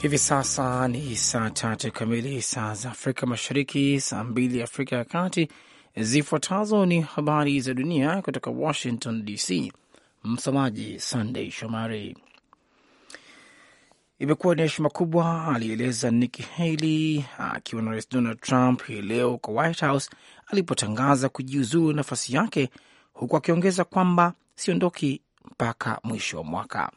Hivi sasa ni saa tatu kamili saa za Afrika Mashariki, saa mbili Afrika ya Kati. Zifuatazo ni habari za dunia kutoka Washington DC. Msomaji Sandey Shomari. Imekuwa ni heshima kubwa, alieleza Nikki Haley akiwa na Rais Donald Trump hii leo kwa White House alipotangaza kujiuzulu nafasi yake, huku akiongeza kwamba siondoki mpaka mwisho wa mwaka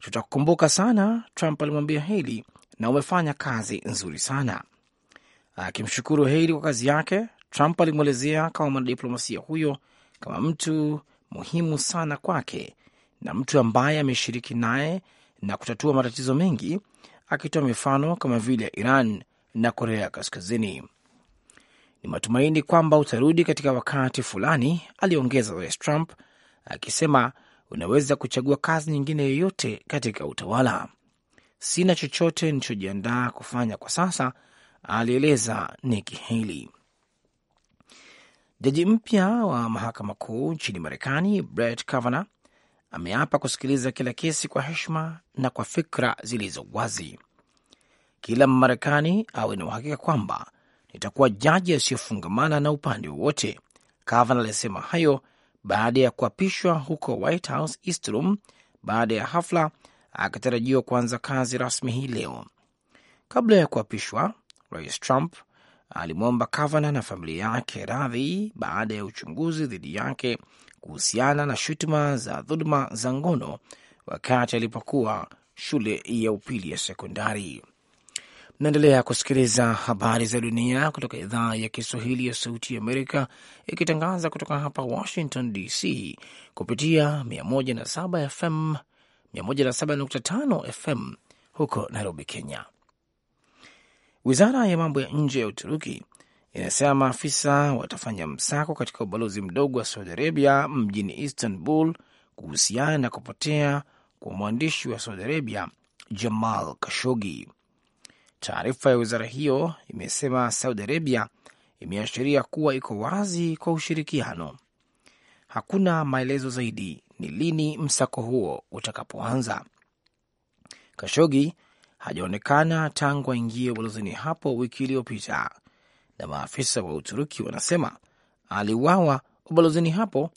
tutakukumbuka sana, Trump alimwambia Heli, na umefanya kazi nzuri sana. Akimshukuru Heli kwa kazi yake, Trump alimwelezea kama mwanadiplomasia huyo kama mtu muhimu sana kwake na mtu ambaye ameshiriki naye na kutatua matatizo mengi, akitoa mifano kama vile Iran na Korea Kaskazini. Ni matumaini kwamba utarudi katika wakati fulani, aliongeza Rais Trump akisema unaweza kuchagua kazi nyingine yoyote katika utawala. Sina chochote nilichojiandaa kufanya kwa sasa, alieleza Nikki Haley. Jaji mpya wa mahakama kuu nchini Marekani Brett Kavanaugh ameapa kusikiliza kila kesi kwa heshima na kwa fikra zilizo wazi. Kila Mmarekani awe na uhakika kwamba nitakuwa jaji asiyofungamana na upande wowote. Kavanaugh alisema hayo baada ya kuapishwa huko White House East Room baada ya hafla, akitarajiwa kuanza kazi rasmi hii leo. Kabla ya kuapishwa, Rais Trump alimwomba Kavanaugh na familia yake radhi baada ya uchunguzi dhidi yake kuhusiana na shutuma za dhuluma za ngono wakati alipokuwa shule ya upili ya sekondari. Naendelea kusikiliza habari za dunia kutoka idhaa ya Kiswahili ya Sauti ya Amerika ikitangaza kutoka hapa Washington DC kupitia 107 FM 107.5 FM huko Nairobi, Kenya. Wizara ya mambo ya nje ya Uturuki inasema maafisa watafanya msako katika ubalozi mdogo wa Saudi Arabia mjini Istanbul kuhusiana na kupotea kwa mwandishi wa Saudi Arabia Jamal Kashogi. Taarifa ya wizara hiyo imesema Saudi Arabia imeashiria kuwa iko wazi kwa ushirikiano. Hakuna maelezo zaidi ni lini msako huo utakapoanza. Kashogi hajaonekana tangu aingie ubalozini hapo wiki iliyopita, na maafisa wa Uturuki wanasema aliuawa ubalozini hapo,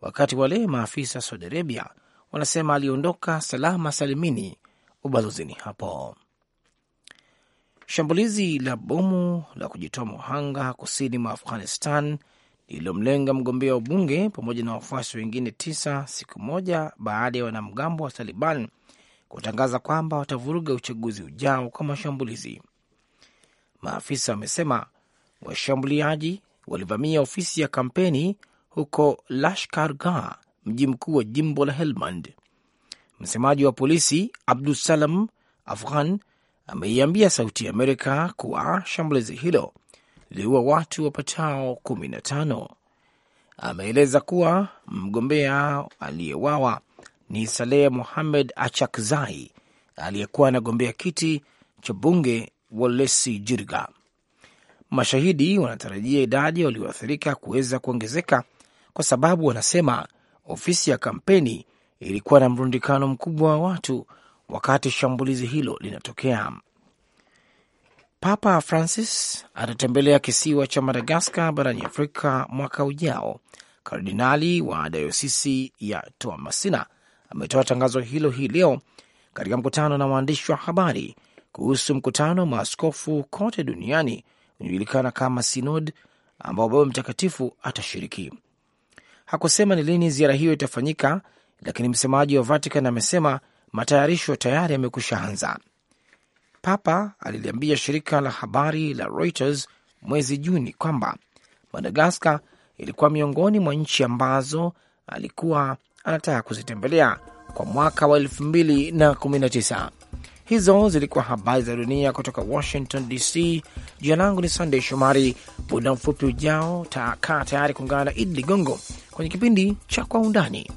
wakati wale maafisa wa Saudi Arabia wanasema aliondoka salama salimini ubalozini hapo. Shambulizi la bomu la kujitoa muhanga kusini mwa Afghanistan lililomlenga mgombea wa ubunge pamoja na wafuasi wengine tisa siku moja baada ya wanamgambo wa Taliban kutangaza kwamba watavuruga uchaguzi ujao kwa mashambulizi. Maafisa wamesema washambuliaji walivamia ofisi ya kampeni huko Lashkar Gah, mji mkuu wa jimbo la Helmand. Msemaji wa polisi Abdusalam Afghan ameiambia Sauti ya Amerika kuwa shambulizi hilo liliua watu wapatao kumi na tano. Ameeleza kuwa mgombea aliyewawa ni Saleh muhamed Achakzai aliyekuwa anagombea kiti cha bunge Wolesi Jirga. Mashahidi wanatarajia idadi walioathirika kuweza kuongezeka kwa sababu wanasema ofisi ya kampeni ilikuwa na mrundikano mkubwa wa watu wakati shambulizi hilo linatokea. Papa Francis atatembelea kisiwa cha Madagaskar barani Afrika mwaka ujao. Kardinali wa dayosisi ya Toamasina ametoa tangazo hilo hii leo katika mkutano na waandishi wa habari kuhusu mkutano wa maaskofu kote duniani unaojulikana kama Sinod, ambao Baba Mtakatifu atashiriki. Hakusema ni lini ziara hiyo itafanyika, lakini msemaji wa Vatican amesema matayarisho tayari yamekwisha anza. Papa aliliambia shirika la habari la Reuters mwezi Juni kwamba Madagaskar ilikuwa miongoni mwa nchi ambazo alikuwa anataka kuzitembelea kwa mwaka wa 2019. Hizo zilikuwa habari za dunia kutoka Washington DC. Jina langu ni Sandey Shomari. Muda mfupi ujao takaa tayari kuungana na Idi Ligongo kwenye kipindi cha Kwa Undani.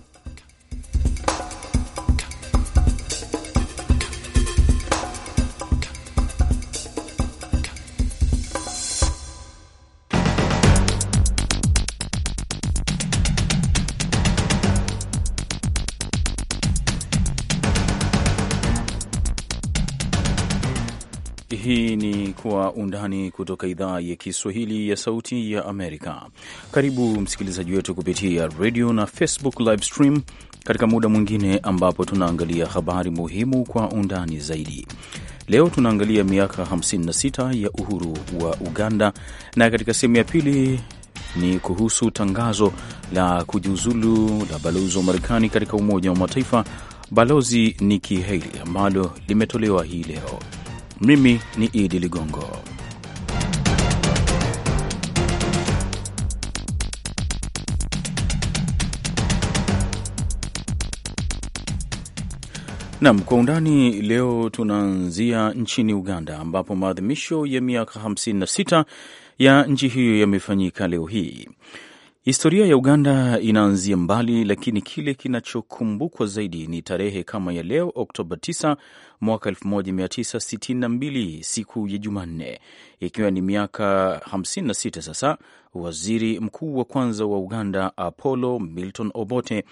undani kutoka idhaa ya Kiswahili ya Sauti ya Amerika. Karibu msikilizaji wetu kupitia radio na Facebook live stream katika muda mwingine ambapo tunaangalia habari muhimu kwa undani zaidi. Leo tunaangalia miaka 56 ya uhuru wa Uganda, na katika sehemu ya pili ni kuhusu tangazo la kujiuzulu la balozi wa Marekani katika Umoja wa Mataifa, Balozi Nikki Haley, ambalo limetolewa hii leo. Mimi ni Idi Ligongo. Nam kwa undani leo, tunaanzia nchini Uganda ambapo maadhimisho ya miaka 56 ya nchi hiyo yamefanyika leo hii. Historia ya Uganda inaanzia mbali, lakini kile kinachokumbukwa zaidi ni tarehe kama ya leo, Oktoba 9 mwaka 1962, siku ya Jumanne, ikiwa ni miaka 56 sasa. Waziri mkuu wa kwanza wa Uganda Apollo Milton Obote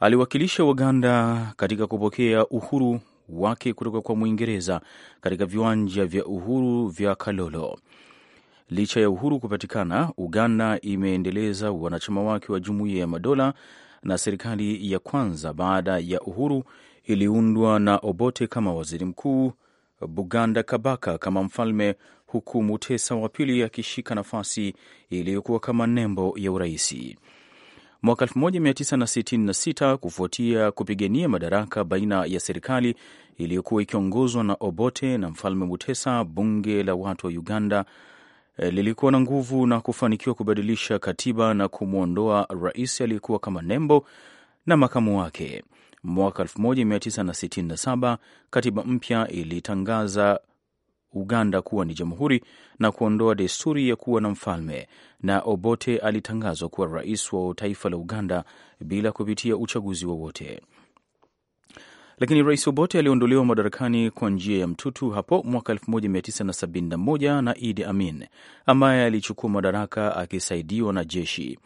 aliwakilisha Uganda katika kupokea uhuru wake kutoka kwa Mwingereza katika viwanja vya uhuru vya Kalolo. Licha ya uhuru kupatikana, Uganda imeendeleza wanachama wake wa Jumuiya ya Madola, na serikali ya kwanza baada ya uhuru iliundwa na Obote kama waziri mkuu, Buganda Kabaka kama mfalme, huku Mutesa wa pili akishika nafasi iliyokuwa kama nembo ya uraisi mwaka 1966 kufuatia kupigania madaraka baina ya serikali iliyokuwa ikiongozwa na Obote na mfalme Mutesa. Bunge la watu wa Uganda Eh, lilikuwa na nguvu na kufanikiwa kubadilisha katiba na kumwondoa rais aliyekuwa kama nembo na makamu wake. Mwaka 1967 katiba mpya ilitangaza Uganda kuwa ni jamhuri na kuondoa desturi ya kuwa na mfalme, na Obote alitangazwa kuwa rais wa taifa la Uganda bila kupitia uchaguzi wowote. Lakini Rais Obote aliondolewa madarakani kwa njia ya mtutu hapo mwaka 1971 na Idi Amin ambaye alichukua madaraka akisaidiwa na jeshi.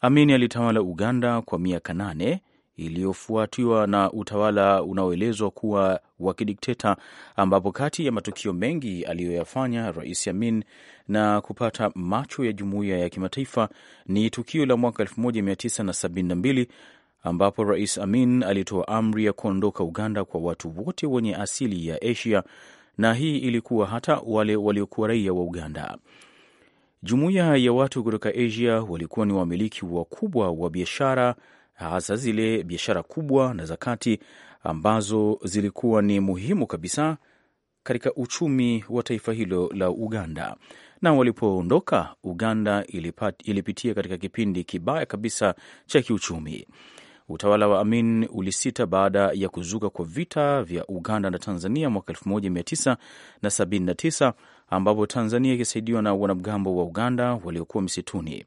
Amin alitawala Uganda kwa miaka nane iliyofuatiwa na utawala unaoelezwa kuwa wa kidikteta ambapo kati ya matukio mengi aliyoyafanya Rais Amin na kupata macho ya jumuiya ya kimataifa ni tukio la mwaka 1972 ambapo Rais Amin alitoa amri ya kuondoka Uganda kwa watu wote wenye asili ya Asia, na hii ilikuwa hata wale waliokuwa raia wa Uganda. Jumuiya ya watu kutoka Asia walikuwa ni wamiliki wakubwa wa biashara, hasa zile biashara kubwa na za kati ambazo zilikuwa ni muhimu kabisa katika uchumi wa taifa hilo la Uganda. Na walipoondoka Uganda ilipat, ilipitia katika kipindi kibaya kabisa cha kiuchumi. Utawala wa Amin ulisita baada ya kuzuka kwa vita vya Uganda na Tanzania mwaka 1979 ambapo Tanzania ikisaidiwa na wanamgambo wa Uganda waliokuwa misituni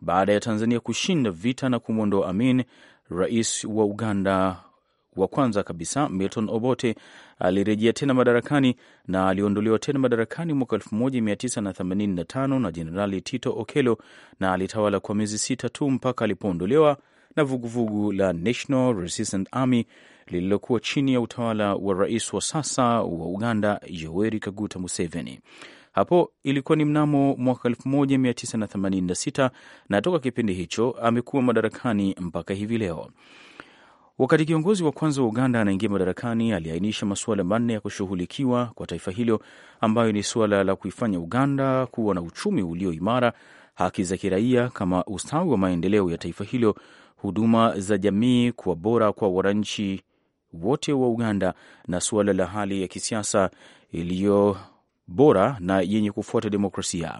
Baada ya Tanzania kushinda vita na kumwondoa Amin, rais wa Uganda wa kwanza kabisa Milton Obote alirejea tena madarakani na aliondolewa tena madarakani mwaka 1985 na Jenerali Tito Okello, na alitawala kwa miezi sita tu mpaka alipoondolewa na vuguvugu vugu la National Resistance Army lililokuwa chini ya utawala wa rais wa sasa wa Uganda Yoweri Kaguta Museveni. Hapo ilikuwa ni mnamo mwaka 1986 na toka kipindi hicho amekuwa madarakani mpaka hivi leo. Wakati kiongozi wa kwanza wa Uganda anaingia madarakani, aliainisha masuala manne ya kushughulikiwa kwa taifa hilo, ambayo ni suala la kuifanya Uganda kuwa na uchumi ulio imara, haki za kiraia kama ustawi wa maendeleo ya taifa hilo, huduma za jamii kuwa bora kwa wananchi wote wa Uganda na suala la hali ya kisiasa iliyo bora na yenye kufuata demokrasia.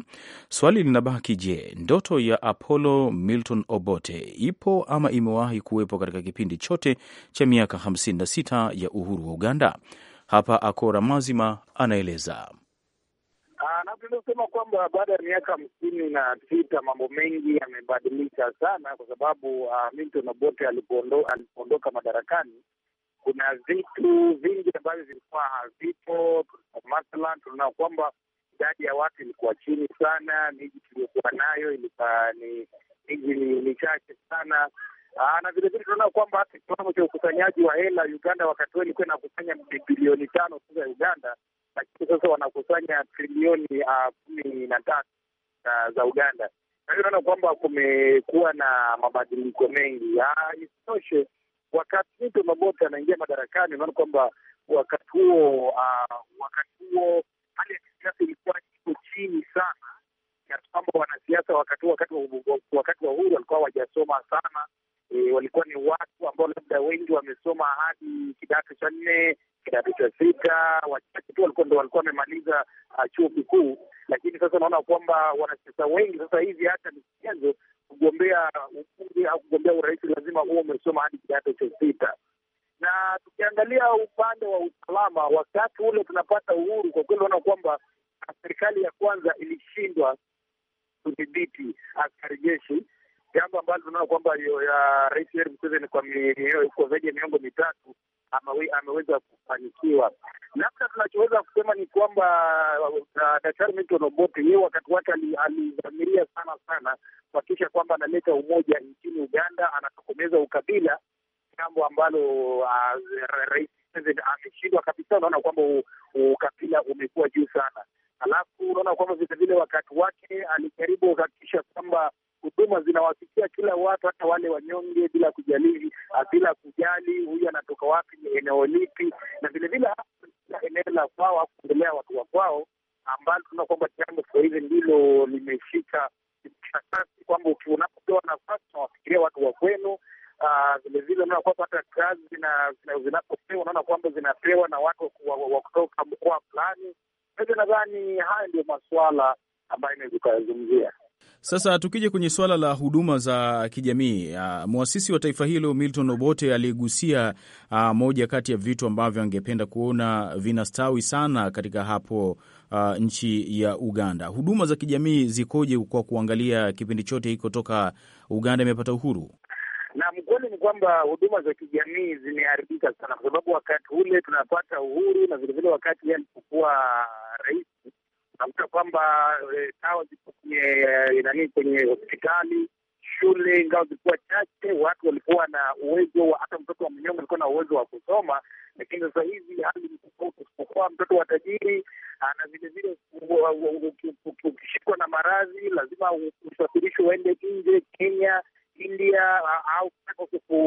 Swali linabaki, je, ndoto ya Apollo Milton Obote ipo ama imewahi kuwepo katika kipindi chote cha miaka 56 ya uhuru wa Uganda? Hapa Akora Mazima anaeleza. Ah, Napenda kusema kwamba baada ya miaka hamsini na sita mambo mengi yamebadilika sana, kwa sababu uh, Milton Obote alipoondoka madarakani, kuna vitu vingi ambavyo vilikuwa havipo. Mathalan, tunaona kwamba idadi ya watu ilikuwa chini sana, miji tuliyokuwa nayo ilikuwa ni miji ni chache sana. Aa, ah, na vilevile tunaona kwamba hata kiwango cha ukusanyaji wa hela Uganda wakati huo ilikuwa inakusanya bilioni tano za Uganda, lakini sasa wanakusanya trilioni ah, kumi na tatu ah, za Uganda. Kwa hiyo unaona kwamba kumekuwa na mabadiliko mengi. Ah, isitoshe, wakati mtu mabote anaingia madarakani, unaona kwamba wakati huo wakati huo hali ya kisiasa ilikuwa iko chini sana, kiasi kwamba wanasiasa wakati wakati wa Uhuru walikuwa wajasoma sana ndo walikuwa wamemaliza uh, chuo kikuu, lakini sasa unaona kwamba wanasiasa wengi sasa hivi hata michezo, kugombea ubunge au kugombea urais lazima huo umesoma hadi kidato cha sita. Na tukiangalia upande wa usalama, wakati ule tunapata uhuru, kwa kweli naona kwamba uh, serikali ya kwanza ilishindwa kudhibiti askari jeshi, jambo ambalo tunaona kwamba Rais Yoweri Museveni kwa zaidi ya miongo mitatu ameweza kufanikiwa. Labda tunachoweza kusema ni kwamba uh, uh, Daktari Milton Obote yeye wakati wake alidhamiria sana sana kuhakikisha kwamba analeta umoja nchini Uganda, anatokomeza ukabila, jambo ambalo uh, rais kabisa. Unaona kwamba ukabila umekuwa juu sana, alafu unaona kwamba vilevile wakati wake alijaribu kuhakikisha kwamba huduma zinawafikia kila watu, hata wale wanyonge, bila kujali Ah, bila kujali huyu anatoka wapi, ni eneo lipi, na vilevile eneo la kwao au kuendelea watu wa kwao, ambalo tunaona kwamba jambo sasa hivi ndilo limeshika kasi, kwamba unapopewa nafasi unawafikiria watu wa kwenu. Vilevile ah, unaona kwamba hata kazi zinapopewa unaona kwamba zinapewa na watu wa kutoka mkoa fulani. Nadhani haya ndio masuala ambayo inaweza ukayazungumzia. Sasa tukija kwenye suala la huduma za kijamii, uh, mwasisi wa taifa hilo Milton Obote aligusia uh, moja kati ya vitu ambavyo angependa kuona vinastawi sana katika hapo uh, nchi ya Uganda. Huduma za kijamii zikoje kwa kuangalia kipindi chote hiko toka Uganda imepata uhuru? Na mkweli ni kwamba huduma za kijamii zimeharibika sana, kwa sababu wakati ule tunapata uhuru na vilevile wakati yeye alipokuwa rais Nakuta kwamba dawa eh, ziko eh, nani kwenye hospitali, shule ingawa zilikuwa chache, watu walikuwa na uwezo wa hata mtoto wa mnyonge alikuwa na uwezo wa kusoma, lakini sasa hivi hali ni tofauti. Usipokuwa mtoto wa tajiri ah, na vilevile ukishikwa na maradhi lazima usafirishwe uende nje, Kenya, India, au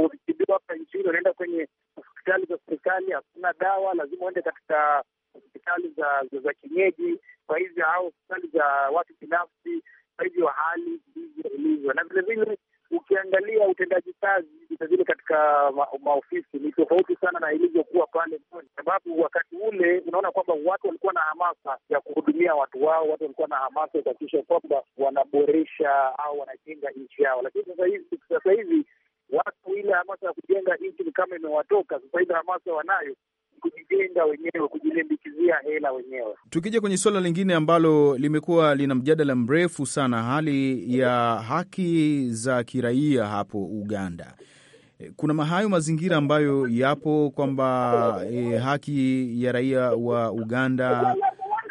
kutibiwa hapa nchini unaenda kwenye hospitali za serikali, hakuna dawa, lazima uende katika hospitali za za kienyeji, kwa hivyo au hospitali za watu binafsi. Kwa hivyo hali ndivyo ilivyo, na vilevile ukiangalia utendaji kazi vilevile katika ma, maofisi ni tofauti sana na ilivyokuwa pale mwanzo, sababu wakati ule unaona kwamba watu walikuwa na hamasa ya kuhudumia watu wao, watu walikuwa na hamasa ya kuhakikisha kwamba wanaboresha au wanajenga nchi yao, lakini sasa hivi sasa hivi watu ile hamasa ya kujenga nchi ni kama imewatoka. Sasa hivi hamasa wanayo, kujijenga wenyewe, kujilimbikizia hela wenyewe. Tukija kwenye suala lingine ambalo limekuwa lina mjadala mrefu sana, hali ya haki za kiraia hapo Uganda. Eh, kuna mahayo mazingira ambayo yapo kwamba e, haki ya raia wa Uganda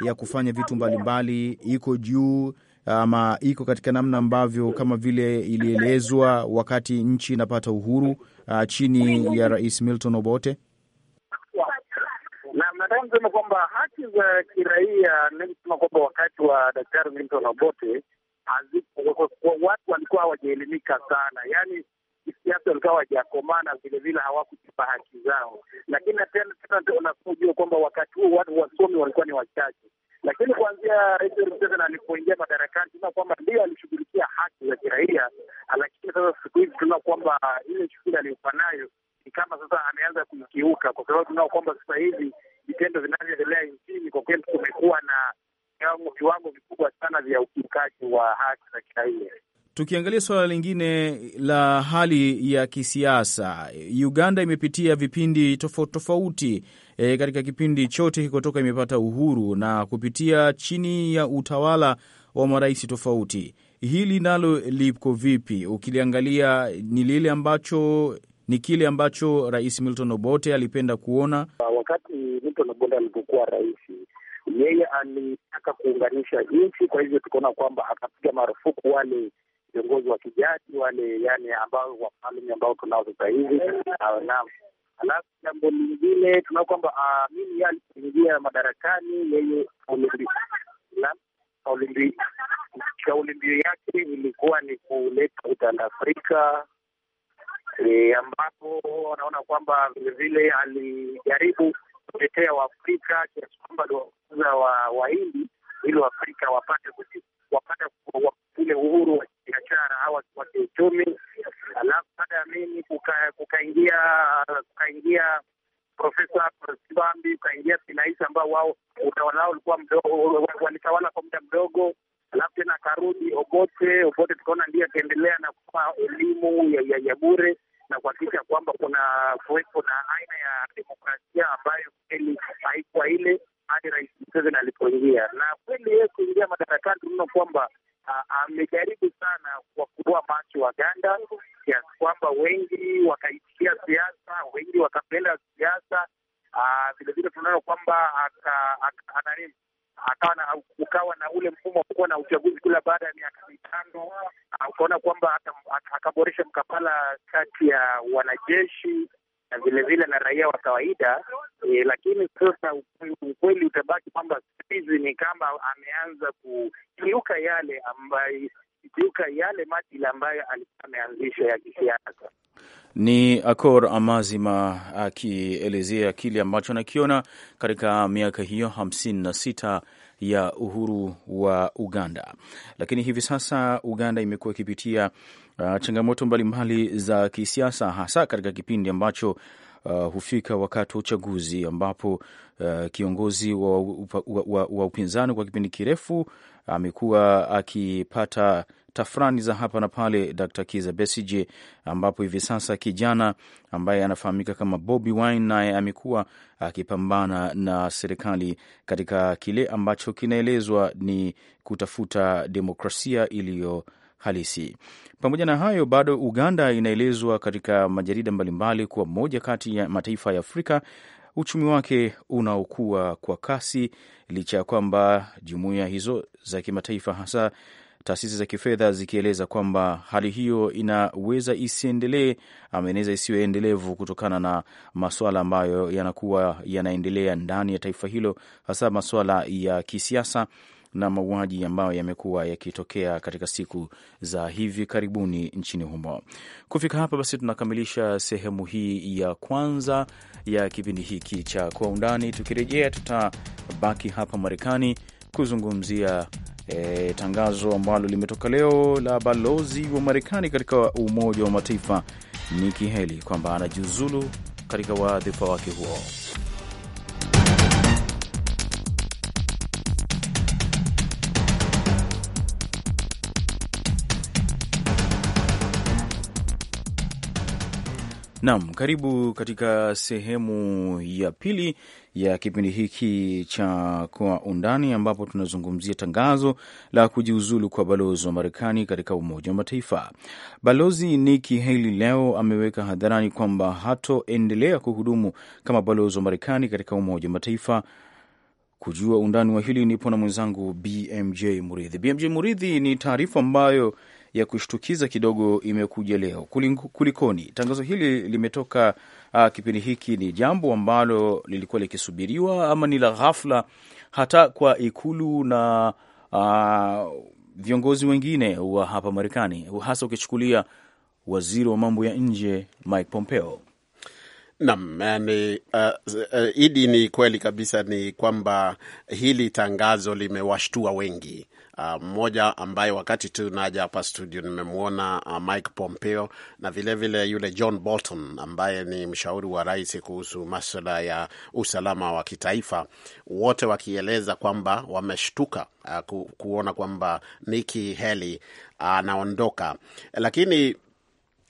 ya kufanya vitu mbalimbali mbali, iko juu ama iko katika namna ambavyo kama vile ilielezwa wakati nchi inapata uhuru a, ah, chini ya Rais Milton Obote. Nataka nisema kwamba haki za kiraia, nikusema kwamba wakati wa Daktari Milton Obote watu walikuwa hawajaelimika sana, yaani kisiasa walikuwa hawajakomana, vilevile hawakujipa haki zao. Lakini unajua kwamba wakati huo watu wasomi walikuwa ni wachache, lakini kuanzia Rais Museveni alipoingia madarakani, tuna kwamba ndio alishughulikia haki za kiraia, lakini sasa siku hizi tunaona kwamba ile shughuli aliyofanayo kama sasa ameanza kuikiuka, kwa sababu tunao kwamba sasa hivi vitendo vinavyoendelea nchini kwa kweli kumekuwa na viwango vikubwa sana vya ukiukaji wa haki za kiraia. Tukiangalia suala lingine la hali ya kisiasa, Uganda imepitia vipindi tofauti tofauti. E, katika kipindi chote kikotoka imepata uhuru na kupitia chini ya utawala wa marais tofauti. Hili nalo liko vipi? Ukiliangalia ni lile ambacho ni kile ambacho Rais Milton Obote alipenda kuona ah, wakati Milton Obote alipokuwa rais. Yeye alitaka kuunganisha nchi, kwa hivyo tukaona kwamba akapiga marufuku wale viongozi wa kijadi wale, yani ambao wafalme ambao tunao sasa hivi. Ah, alafu jambo lingine tunao kwamba ah, mimi ye alipoingia madarakani, yeye kauli mbiu yake ilikuwa ni kuleta utanda Afrika e, ambapo wanaona kwamba vilevile alijaribu kutetea Waafrika kiasi kwamba aliwafukuza Wahindi ili Waafrika wapate wapate ule uhuru wa kibiashara au wa kiuchumi. Alafu baada ya mimi kukaingia kukaingia Profesa Bambi, ukaingia Sinaisi ambao wao utawala wao ulikuwa mdogo, walitawala kwa muda mdogo alafu tena akarudi Obote. Obote tukaona ndiye akaendelea na kupa elimu ya, ya, ya bure na kuhakikisha kwamba kuna kuwepo na aina ya demokrasia ambayo kweli haikuwa ile hadi Rais Museveni alipoingia, na kweli yeye kuingia madarakani tunaona kwamba amejaribu sana kwa kutoa macho Waganda kiasi kwamba wengi wakaitikia siasa, wengi wakapenda siasa. Vilevile tunaona kwamba akawa na ukawa na ule mfumo wa kuwa na uchaguzi kila baada ya miaka mitano. Ukaona kwamba akaboresha mkapala kati ya wanajeshi na vilevile na raia wa kawaida e, lakini sasa ukweli utabaki kwamba hizi ni kama ameanza kukiuka yale ambayo kiuka yale madili ambayo alikuwa ameanzisha ya kisiasa. Ni Akor Amazima akielezea kile ambacho anakiona katika miaka hiyo hamsini na sita ya uhuru wa Uganda. Lakini hivi sasa Uganda imekuwa ikipitia uh, changamoto mbalimbali za kisiasa, hasa katika kipindi ambacho uh, hufika wakati wa uchaguzi ambapo uh, kiongozi wa, wa, wa, wa upinzani kwa kipindi kirefu amekuwa akipata tafrani za hapa na pale Dr. Kiza Besije, ambapo hivi sasa kijana ambaye anafahamika kama Bobi Wine naye amekuwa akipambana na serikali katika kile ambacho kinaelezwa ni kutafuta demokrasia iliyo halisi. Pamoja na hayo, bado Uganda inaelezwa katika majarida mbalimbali kuwa moja kati ya mataifa ya Afrika uchumi wake unaokua kwa kasi licha ya kwamba jumuiya hizo za kimataifa hasa taasisi za kifedha zikieleza kwamba hali hiyo inaweza isiendelee ama inaweza isiwe endelevu kutokana na maswala ambayo yanakuwa yanaendelea ndani ya taifa hilo, hasa maswala ya kisiasa na mauaji ambayo yamekuwa yakitokea katika siku za hivi karibuni nchini humo. Kufika hapa basi, tunakamilisha sehemu hii ya kwanza ya kipindi hiki cha Kwa Undani. Tukirejea tutabaki hapa Marekani kuzungumzia e, tangazo ambalo limetoka leo la balozi wa Marekani katika Umoja wa Mataifa Nikki Haley kwamba anajiuzulu katika wadhifa wake huo. Naam, karibu katika sehemu ya pili ya kipindi hiki cha Kwa Undani, ambapo tunazungumzia tangazo la kujiuzulu kwa balozi wa Marekani katika Umoja wa Mataifa. Balozi Nikki Haley leo ameweka hadharani kwamba hatoendelea kuhudumu kama balozi wa Marekani katika Umoja wa Mataifa. Kujua undani wa hili, nipo na mwenzangu BMJ Muridhi. BMJ Muridhi, ni taarifa ambayo ya kushtukiza kidogo imekuja leo. Kulikoni? Tangazo hili limetoka uh, kipindi hiki, ni jambo ambalo lilikuwa likisubiriwa ama ni la ghafla hata kwa Ikulu na uh, viongozi wengine wa hapa Marekani, hasa ukichukulia waziri wa mambo ya nje Mike Pompeo. nam ni uh, uh, idi ni kweli kabisa, ni kwamba hili tangazo limewashtua wengi Ah, mmoja uh, ambaye wakati tu naja hapa studio nimemwona uh, Mike Pompeo na vilevile vile yule John Bolton ambaye ni mshauri wa rais kuhusu maswala ya usalama wa kitaifa, wote wakieleza kwamba wameshtuka uh, ku, kuona kwamba Nikki Haley anaondoka uh, lakini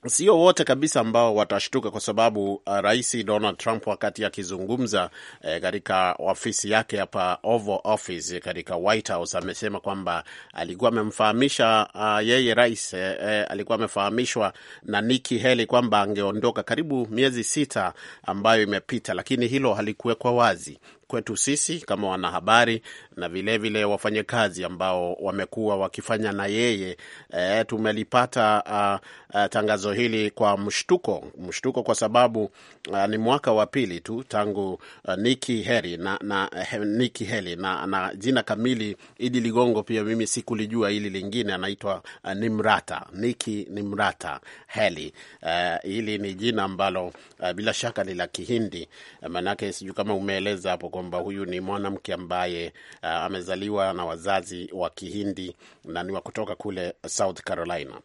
Sio wote kabisa ambao watashtuka kwa sababu uh, Rais Donald Trump wakati akizungumza eh, katika ofisi yake hapa Oval Office katika White House amesema kwamba alikuwa amemfahamisha uh, yeye rais eh, eh, alikuwa amefahamishwa na Nikki Haley kwamba angeondoka karibu miezi sita ambayo imepita, lakini hilo halikuwekwa wazi kwetu sisi kama wanahabari na vilevile wafanyakazi ambao wamekuwa wakifanya na yeye. E, tumelipata a, ah, a, ah, tangazo hili kwa mshtuko, mshtuko kwa sababu a, ah, ni mwaka wa pili tu tangu uh, Nikki Haley na, na, eh, Nikki Haley na, na jina kamili Idi Ligongo, pia mimi sikulijua hili lingine, anaitwa uh, Nimrata Nikki Nimrata Haley. Uh, hili ni jina ambalo a, bila shaka ni la Kihindi, maanake sijui kama umeeleza hapo kwa kwamba huyu ni mwanamke ambaye uh, amezaliwa na wazazi wa Kihindi na ni wa kutoka kule South Carolina.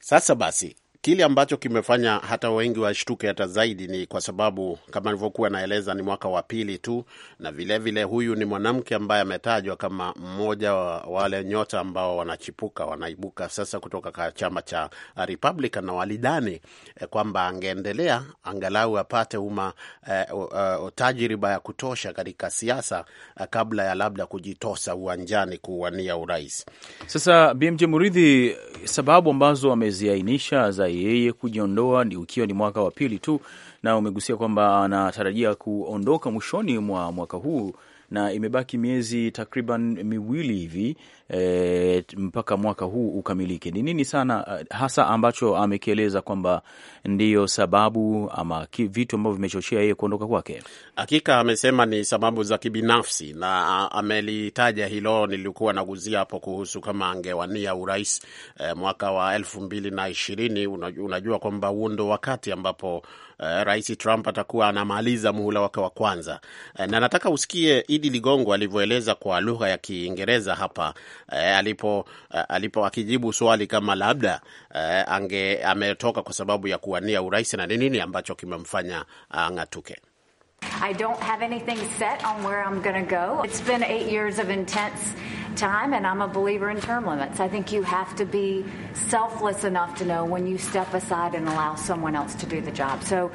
Sasa basi kile ambacho kimefanya hata wengi washtuke hata zaidi ni kwa sababu kama nilivyokuwa naeleza, ni mwaka wa pili tu, na vilevile vile huyu ni mwanamke ambaye ametajwa kama mmoja wa wale nyota ambao wanachipuka wanaibuka sasa kutoka chama cha Republican, na walidhani eh, kwamba angeendelea angalau apate uma eh, uh, eh, tajriba ya kutosha katika siasa eh, kabla ya labda kujitosa uwanjani kuwania urais. Sasa BMJ Muridhi, sababu ambazo ameziainisha za yeye kujiondoa ukiwa ni mwaka wa pili tu, na umegusia kwamba anatarajia kuondoka mwishoni mwa mwaka huu na imebaki miezi takriban miwili hivi e, mpaka mwaka huu ukamilike. Ni nini sana eh, hasa ambacho amekieleza kwamba ndiyo sababu ama vitu ambavyo vimechochea yeye kuondoka kwake? Hakika amesema ni sababu za kibinafsi na amelitaja hilo. Nilikuwa naguzia hapo kuhusu kama angewania urais e, mwaka wa elfu mbili na ishirini. Unajua kwamba huo ndo wakati ambapo Eh, Rais Trump atakuwa anamaliza muhula wake wa kwanza eh, na nataka usikie Idi Ligongo alivyoeleza kwa lugha ya Kiingereza hapa uh, alipo, alipo akijibu swali kama labda ange ametoka kwa sababu ya kuwania urais na ni nini ambacho kimemfanya ang'atuke. I don't have anything set on where I'm go. It's been eight years of intense time, and I'm a believer in term limits. I think you have to be selfless enough to know when you step aside and allow someone else to do the job. So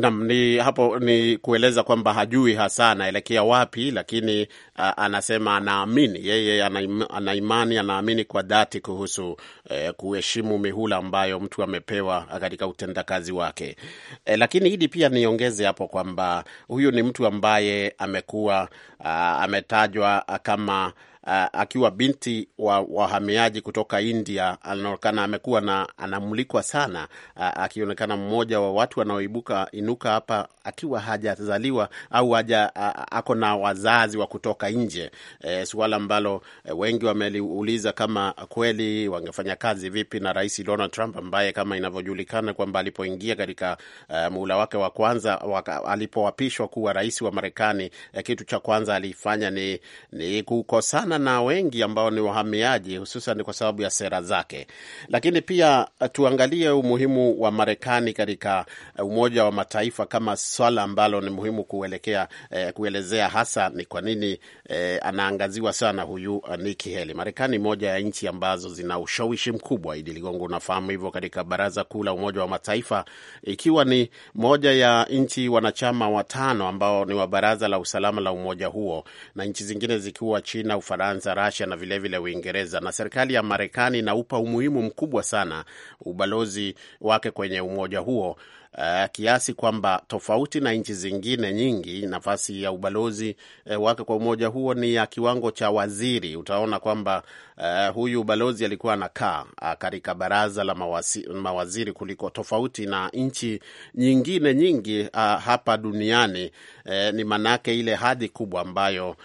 Naam, ni hapo ni kueleza kwamba hajui hasa anaelekea wapi, lakini uh, anasema anaamini yeye, anaimani, anaamini kwa dhati kuhusu eh, kuheshimu mihula ambayo mtu amepewa katika utendakazi wake eh, lakini hili pia niongeze hapo kwamba huyu ni mtu ambaye amekuwa uh, ametajwa kama Uh, akiwa binti wa wahamiaji kutoka India, anaonekana amekuwa na anamulikwa sana, uh, akionekana mmoja wa watu wanaoibuka inuka hapa akiwa hajazaliwa au haja uh, ako na wazazi wa kutoka nje. uh, suala ambalo uh, wengi wameliuliza kama kweli wangefanya kazi vipi na Rais Donald Trump ambaye kama inavyojulikana kwamba alipoingia katika uh, muhula wake wa kwanza alipoapishwa kuwa rais wa Marekani, uh, kitu cha kwanza alifanya ni, ni kukosana kukutana na wengi ambao ni wahamiaji, hususan kwa sababu ya sera zake. Lakini pia eh, tuangalie umuhimu wa Marekani katika eh, Umoja wa Mataifa kama swala ambalo ni muhimu kuelekea eh, kuelezea hasa ni kwa nini eh, anaangaziwa sana huyu eh, Nikki Haley. Marekani moja ya nchi ambazo zina ushawishi mkubwa, Idi Ligongo, unafahamu hivyo, katika Baraza Kuu la Umoja wa Mataifa, ikiwa ni moja ya nchi wanachama watano ambao ni wa Baraza la Usalama la umoja huo na nchi zingine zikiwa China, Ufaransa Ufaransa, Russia na vilevile Uingereza na serikali ya Marekani inaupa umuhimu mkubwa sana ubalozi wake kwenye umoja huo uh, kiasi kwamba tofauti na nchi zingine nyingi, nafasi ya ubalozi uh, wake kwa umoja huo ni ya kiwango cha waziri. Utaona kwamba uh, huyu ubalozi alikuwa anakaa uh, katika baraza la mawasi, mawaziri kuliko tofauti na nchi nyingine nyingi uh, hapa duniani uh, ni manake ile hadhi kubwa ambayo uh,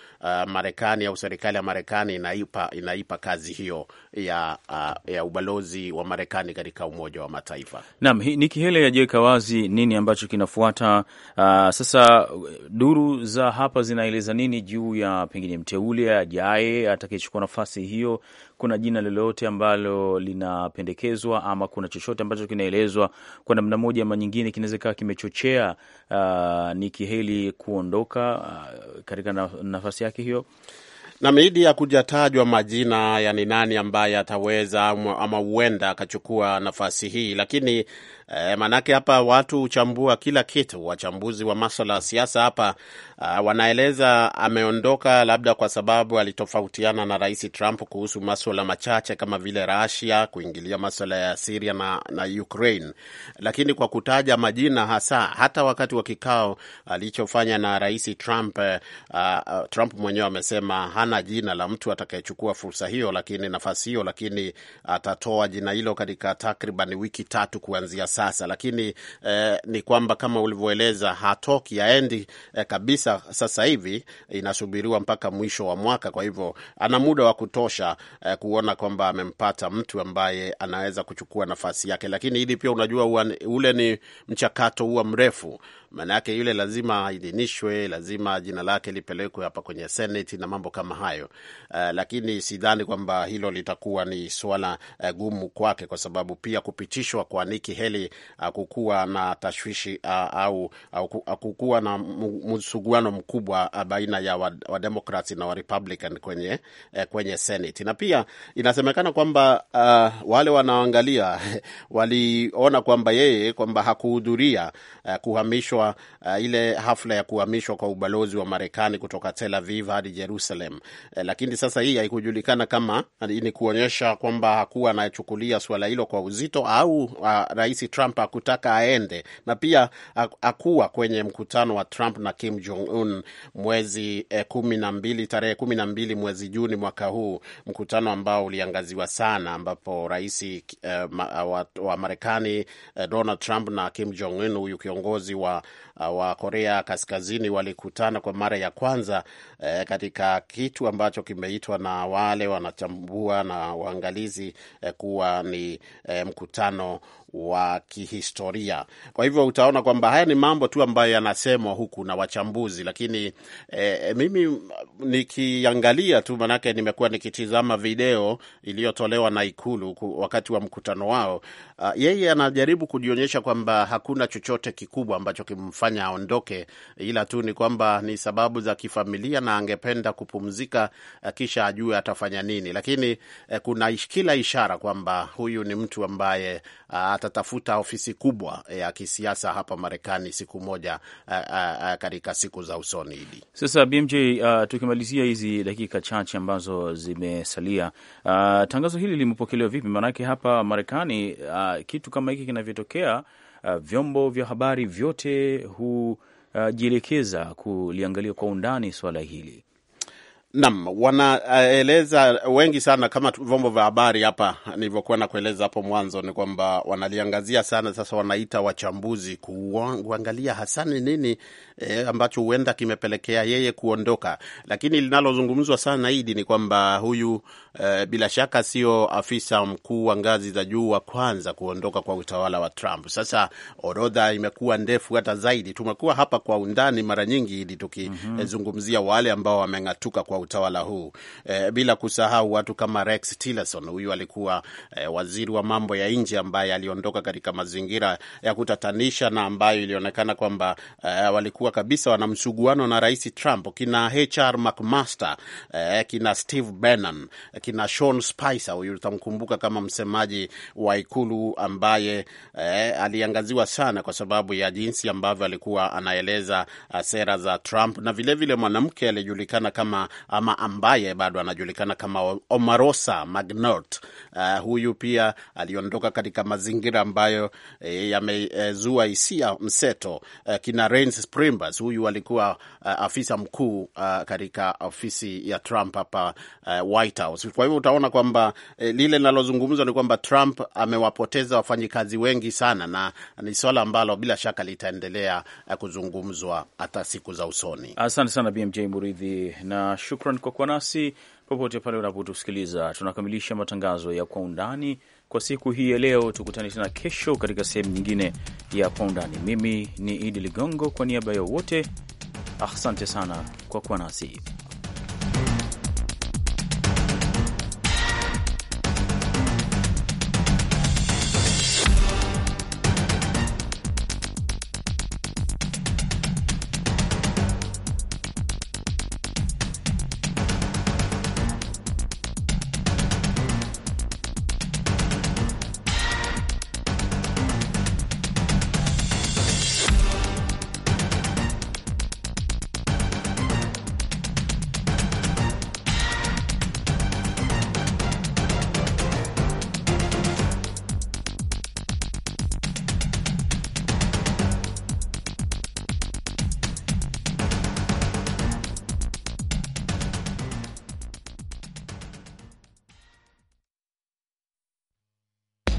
Marekani au serikali ya Marekani inaipa, inaipa kazi hiyo ya, uh, ya ubalozi wa Marekani katika Umoja wa Mataifa. Naam, ni ya jeka wazi wazi nini ambacho kinafuata. Uh, sasa duru za hapa zinaeleza nini juu ya pengine mteule ajaye atakayechukua nafasi hiyo? Kuna jina lolote ambalo linapendekezwa ama kuna chochote ambacho kinaelezwa kwa namna moja ama nyingine kinaweza ikawa kimechochea ah, Nikki Haley kuondoka ah, katika nafasi yake hiyo? na miidi ya kujatajwa majina, yani nani ambaye ataweza ama huenda akachukua nafasi hii, lakini E, manake hapa watu huchambua kila kitu. Wachambuzi wa maswala ya siasa hapa a, ah, wanaeleza ameondoka labda kwa sababu alitofautiana na Rais Trump kuhusu maswala machache kama vile Russia kuingilia maswala ya Syria na, na Ukraine, lakini kwa kutaja majina hasa, hata wakati wa kikao alichofanya na Rais Trump a, eh, a, ah, ah, Trump mwenyewe amesema hana jina la mtu atakayechukua fursa hiyo, lakini nafasi hiyo, lakini atatoa jina hilo katika takriban wiki tatu kuanzia sasa sasa, lakini eh, ni kwamba kama ulivyoeleza hatoki aendi eh, kabisa sasa hivi, inasubiriwa mpaka mwisho wa mwaka. Kwa hivyo ana muda wa kutosha eh, kuona kwamba amempata mtu ambaye anaweza kuchukua nafasi yake, lakini hili pia unajua ule ni mchakato huwa mrefu yake yule lazima aidhinishwe, lazima jina lake lipelekwe hapa kwenye seneti na mambo kama hayo. Uh, lakini sidhani kwamba hilo litakuwa ni swala uh, eh, gumu kwake, kwa sababu pia kupitishwa kwa Nikki Haley hakukuwa uh, na tashwishi uh, au hakukuwa uh, na msuguano mkubwa uh, baina ya wademokrat wa na warepublican kwenye, uh, kwenye Senate, na pia inasemekana kwamba uh, wale wanaoangalia waliona kwamba yeye kwamba hakuhudhuria uh, kuhamishwa kuondolewa uh, ile hafla ya kuhamishwa kwa ubalozi wa Marekani kutoka Tel Aviv hadi Jerusalem. Uh, lakini sasa hii haikujulikana kama ni kuonyesha kwamba hakuwa anachukulia suala hilo kwa uzito au uh, Rais Trump hakutaka aende, na pia hakuwa kwenye mkutano wa Trump na Kim Jong Un mwezi eh, kumi na mbili tarehe kumi na mbili mwezi Juni mwaka huu, mkutano ambao uliangaziwa sana, ambapo rais eh, ma, wa, wa Marekani eh, Donald Trump na Kim Jong Un, huyu kiongozi wa Ah, wa Korea Kaskazini walikutana kwa mara ya kwanza eh, katika kitu ambacho kimeitwa na wale wanachambua na waangalizi eh, kuwa ni eh, mkutano wa kihistoria. Kwa hivyo utaona kwamba haya ni mambo tu ambayo yanasemwa huku na wachambuzi, lakini eh, mimi nikiangalia tu, manake nimekuwa nikitizama video iliyotolewa na Ikulu wakati wa mkutano wao. Uh, yeye anajaribu kujionyesha kwamba hakuna chochote kikubwa ambacho kimfanya aondoke, ila tu ni kwamba ni sababu za kifamilia na angependa kupumzika, uh, kisha ajue atafanya nini, lakini eh, kuna kila ishara kwamba huyu ni mtu ambaye uh, atatafuta ofisi kubwa ya kisiasa hapa Marekani siku moja katika siku za usoni. Hidi sasa BMJ, uh, tukimalizia hizi dakika chache ambazo zimesalia, uh, tangazo hili limepokelewa vipi? Maanake hapa Marekani uh, kitu kama hiki kinavyotokea, uh, vyombo vya habari vyote hujielekeza uh, kuliangalia kwa undani swala hili. Nam wanaeleza wengi sana kama vyombo vya habari hapa nilivyokuwa na kueleza hapo mwanzo, ni kwamba wanaliangazia sana sasa, wanaita wachambuzi kuangalia hasa ni nini e, ambacho huenda kimepelekea yeye kuondoka, lakini linalozungumzwa sana idi ni kwamba huyu e, bila shaka sio afisa mkuu wa ngazi za juu wa kwanza kuondoka kwa utawala wa Trump. Sasa orodha imekuwa ndefu hata zaidi. Tumekuwa hapa kwa undani mara nyingi idi tukizungumzia mm -hmm. wale ambao wameng'atuka kwa utawala huu e, bila kusahau watu kama Rex Tillerson. Huyu alikuwa e, waziri wa mambo ya nje ambaye aliondoka katika mazingira ya kutatanisha na ambayo ilionekana kwamba e, walikuwa kabisa wana msuguano na Rais Trump, kina HR McMaster e, kina Steve Bannon kina Sean Spicer, huyu utamkumbuka kama msemaji wa ikulu ambaye e, aliangaziwa sana kwa sababu ya jinsi ambavyo alikuwa anaeleza sera za Trump na vilevile mwanamke aliyejulikana kama ama ambaye bado anajulikana kama Omarosa Magnot. Uh, huyu pia aliondoka katika mazingira ambayo eh, yamezua eh, hisia mseto Uh, kina Reince Priebus. Huyu alikuwa uh, afisa mkuu uh, katika ofisi ya Trump hapa uh, White House. Kwa hivyo utaona kwamba eh, lile linalozungumzwa ni kwamba Trump amewapoteza wafanyikazi wengi sana, na ni swala ambalo bila shaka litaendelea kuzungumzwa hata siku za usoni. Asante sana BMJ Muridhi na shuk Shukran kwa kuwa nasi popote pale unapotusikiliza. Tunakamilisha matangazo ya Kwa Undani kwa siku hii ya leo. Tukutane tena kesho katika sehemu nyingine ya Kwa Undani. Mimi ni Idi Ligongo, kwa niaba ya wote, asante sana kwa kuwa nasi.